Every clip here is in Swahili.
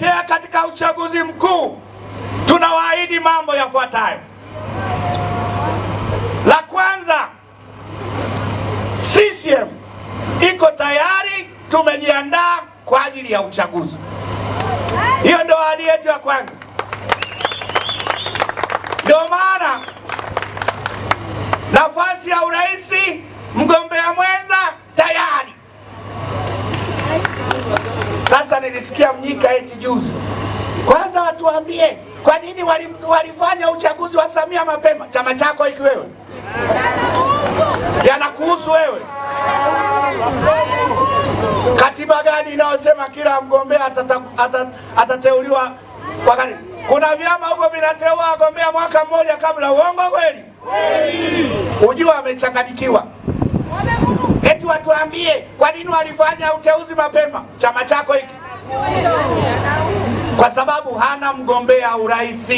tunaelekea katika uchaguzi mkuu, tunawaahidi mambo yafuatayo. La kwanza, CCM iko tayari, tumejiandaa kwa ajili ya uchaguzi. Hiyo ndio ahadi yetu ya kwanza. alimsikia Mnyika eti juzi. Kwanza watuambie kwa nini walifanya uchaguzi wa Samia mapema? Chama chako hiki wewe, yanakuhusu wewe? Katiba gani inayosema kila mgombea atata, atat, Kuna vyama huko vinateua wagombea mwaka mmoja kabla. Uongo kweli? Ujua amechanganyikiwa. Eti watuambie kwa nini walifanya uteuzi mapema? Chama chako hiki kwa sababu hana mgombea urais.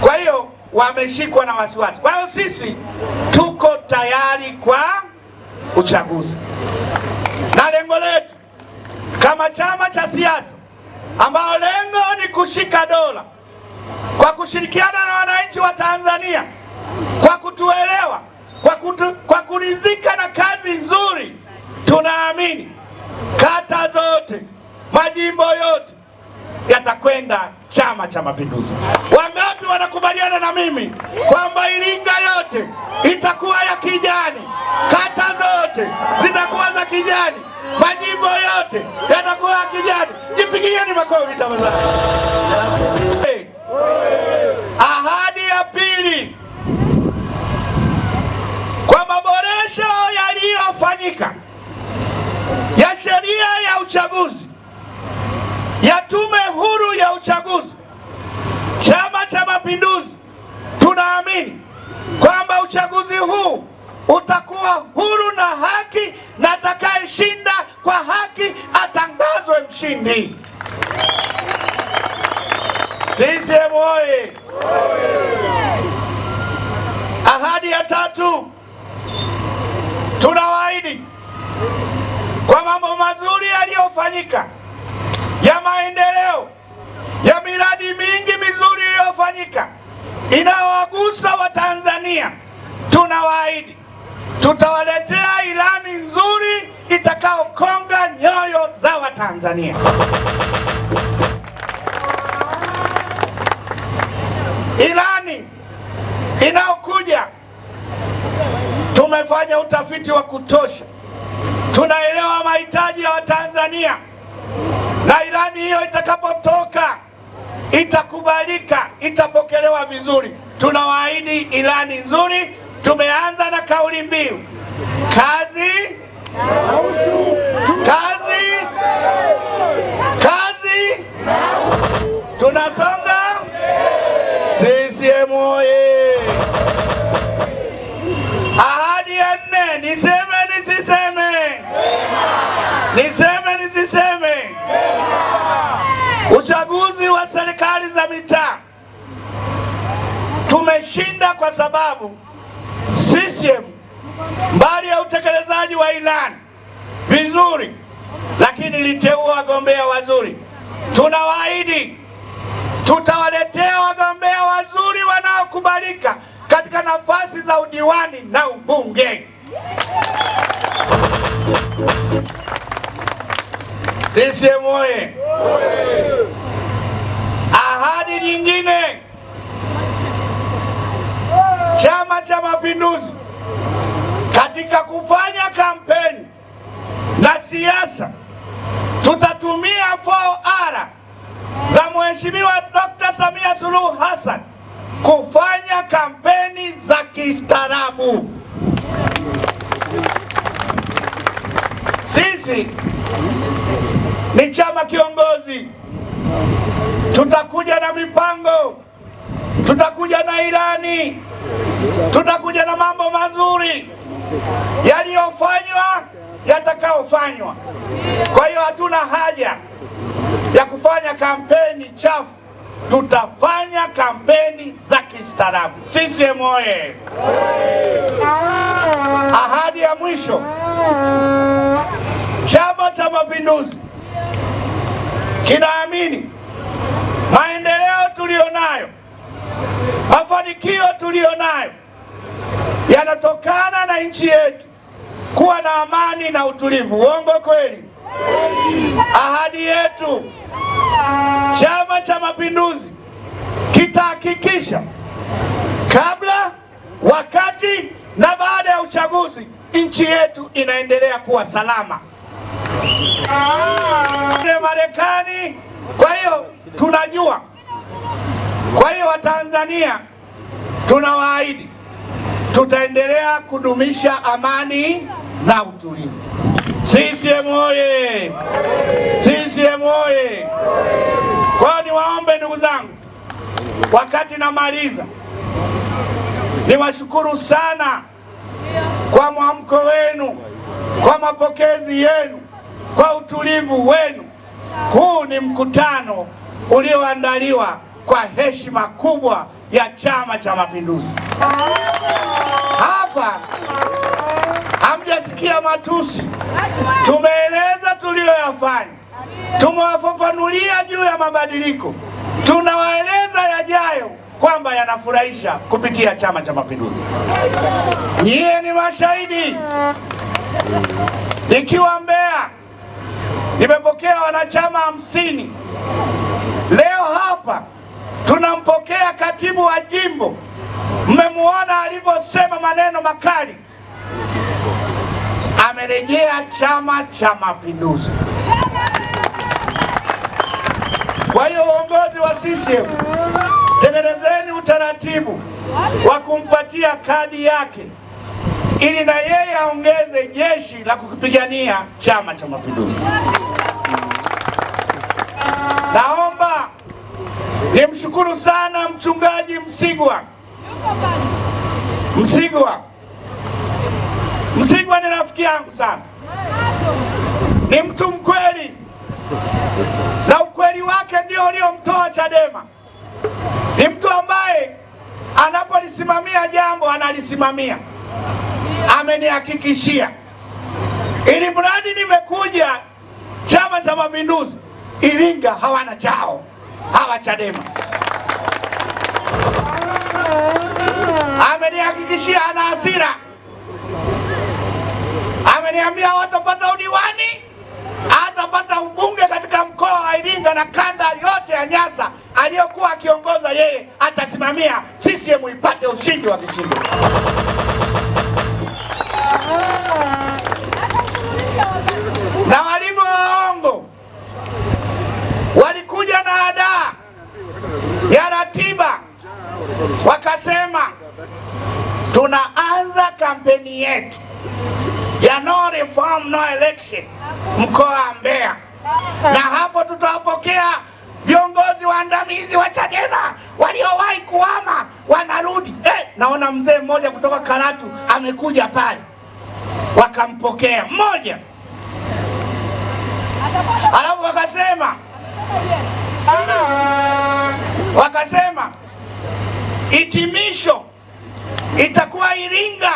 Kwa hiyo wameshikwa na wasiwasi. Kwa hiyo sisi tuko tayari kwa uchaguzi, na lengo letu kama chama cha siasa ambao lengo ni kushika dola kwa kushirikiana na wananchi wa Tanzania kwa kutuelewa, kwa, kutu, kwa kuridhika na kazi nzuri tunaamini kata zote, majimbo yote yatakwenda Chama cha Mapinduzi. Wangapi wanakubaliana na mimi kwamba Iringa yote itakuwa ya kijani? Kata zote zitakuwa za kijani, majimbo yote yatakuwa ya kijani. Jipigieni makofi tafadhali. Ahadi ya pili kwa maboresho yaliyofanyika uchaguzi ya tume huru ya uchaguzi, Chama cha Mapinduzi tunaamini kwamba uchaguzi huu utakuwa huru na haki, na atakayeshinda kwa haki atangazwe mshindi. CCM oye! Ahadi ya tatu tuna kwa mambo mazuri yaliyofanyika ya maendeleo ya miradi mingi mizuri iliyofanyika inayowagusa Watanzania. Tunawaahidi tutawaletea ilani nzuri itakayokonga nyoyo za Watanzania. Ilani inayokuja tumefanya utafiti wa kutosha. Tunaelewa mahitaji ya Watanzania na ilani hiyo itakapotoka itakubalika, itapokelewa vizuri. Tunawaahidi ilani nzuri. Tumeanza na kauli mbiu kazi, kazi, kazi. Tunasonga. CCM oye! Ahadi ya nne niseme Niseme nisiseme, uchaguzi wa serikali za mitaa tumeshinda kwa sababu CCM mbali ya utekelezaji wa ilani vizuri, lakini iliteua wagombea wazuri. Tunawaahidi tutawaletea wagombea wazuri wanaokubalika katika nafasi za udiwani na ubunge. CCM oye! Ahadi nyingine, Chama cha Mapinduzi katika kufanya kampeni na siasa tutatumia 4R za Mheshimiwa Dr. Samia Suluhu Hassan kufanya kampeni za kistaarabu. Sisi ni chama kiongozi. Tutakuja na mipango, tutakuja na ilani, tutakuja na mambo mazuri yaliyofanywa, yatakayofanywa. Kwa hiyo hatuna haja ya kufanya kampeni chafu, tutafanya kampeni za kistaarabu. CCM oye! Ahadi ya mwisho, Chama cha Mapinduzi kinaamini maendeleo tuliyonayo, mafanikio tuliyonayo yanatokana na nchi yetu kuwa na amani na utulivu. Uongo kweli? Ahadi yetu Chama cha Mapinduzi kitahakikisha kabla, wakati na baada ya uchaguzi nchi yetu inaendelea kuwa salama. Marekani. Kwa hiyo tunajua, kwa hiyo Watanzania tunawaahidi tutaendelea kudumisha amani na utulivu. CCM oye! CCM oye! Kwa hiyo niwaombe ndugu zangu, wakati namaliza, niwashukuru sana kwa mwamko wenu, kwa mapokezi yenu kwa utulivu wenu. Huu ni mkutano ulioandaliwa kwa heshima kubwa ya Chama cha Mapinduzi. Hapa hamjasikia matusi, tumeeleza tuliyoyafanya, tumewafafanulia juu ya mabadiliko, tunawaeleza yajayo kwamba yanafurahisha kupitia Chama cha Mapinduzi. Nyiye ni mashahidi, nikiwa Mbeya nimepokea wanachama hamsini. Leo hapa tunampokea katibu wa jimbo, mmemwona alivyosema maneno makali, amerejea Chama cha Mapinduzi. Kwa hiyo uongozi wa CCM tengenezeni utaratibu wa kumpatia kadi yake ili na yeye aongeze jeshi la kukipigania Chama cha Mapinduzi. Naomba nimshukuru sana mchungaji Msigwa. Msigwa, Msigwa ni rafiki yangu sana, ni mtu mkweli na ukweli wake ndio uliomtoa Chadema. Ni mtu ambaye anapolisimamia jambo analisimamia amenihakikishia, ili mradi nimekuja Chama cha Mapinduzi Iringa hawana chao hawa Chadema. Amenihakikishia ana hasira, ameniambia watapata udiwani, atapata ubunge katika mkoa wa Iringa na kanda yote ya Nyasa aliyokuwa akiongoza yeye, atasimamia CCM ipate ushindi wa kishindo. tutawapokea, na hapo tutawapokea viongozi waandamizi wa Chadema waliowahi kuama wanarudi. Eh, naona mzee mmoja kutoka Karatu amekuja pale, wakampokea mmoja, alafu wakasema wakasema hitimisho itakuwa Iringa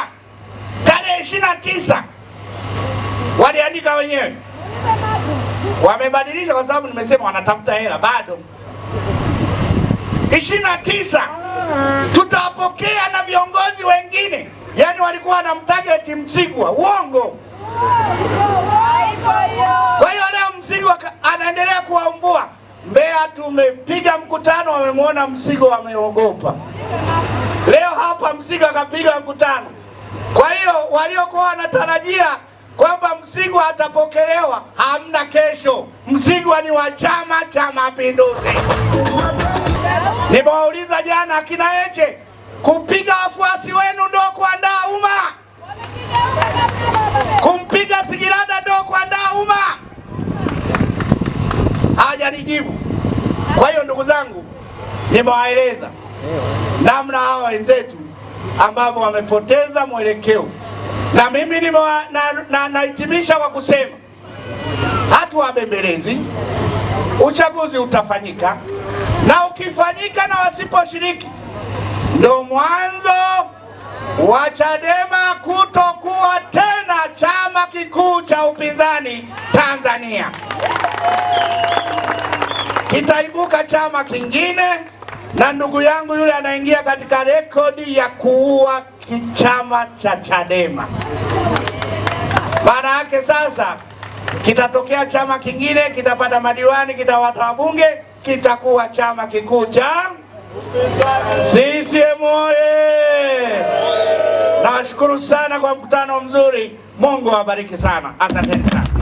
tarehe ishirini na tisa, waliandika wenyewe Wamebadilisha kwa sababu nimesema wanatafuta hela bado. ishirini na tisa tutawapokea na viongozi wengine, yaani walikuwa eti Msigwa, uongo. Kwa hiyo leo Msigwa anaendelea kuwaumbua Mbeya. Tumepiga mkutano, wamemwona Msigwa, wameogopa. Leo hapa Msigwa akapiga mkutano, kwa hiyo waliokuwa wanatarajia kwamba Msigwa atapokelewa, hamna kesho. Msigwa ni wa Chama cha Mapinduzi. Nimewauliza jana akina Heche, kupiga wafuasi wenu ndo kuandaa umma? Kumpiga Sigirada ndo kuandaa umma? Hajanijibu. Kwa hiyo ndugu zangu, nimewaeleza namna hawa wenzetu ambavyo wamepoteza mwelekeo na mimi nahitimisha na, na kwa kusema hatu wabembelezi, uchaguzi utafanyika na ukifanyika na wasiposhiriki ndo mwanzo wa Chadema kutokuwa tena chama kikuu cha upinzani Tanzania, kitaibuka chama kingine, na ndugu yangu yule anaingia katika rekodi ya kuua chama cha Chadema. Maana yake sasa kitatokea chama kingine, kitapata madiwani, kitawata wabunge, kitakuwa chama kikuu cha CCM oye! Nawashukuru sana kwa mkutano mzuri. Mungu awabariki sana, asanteni sana.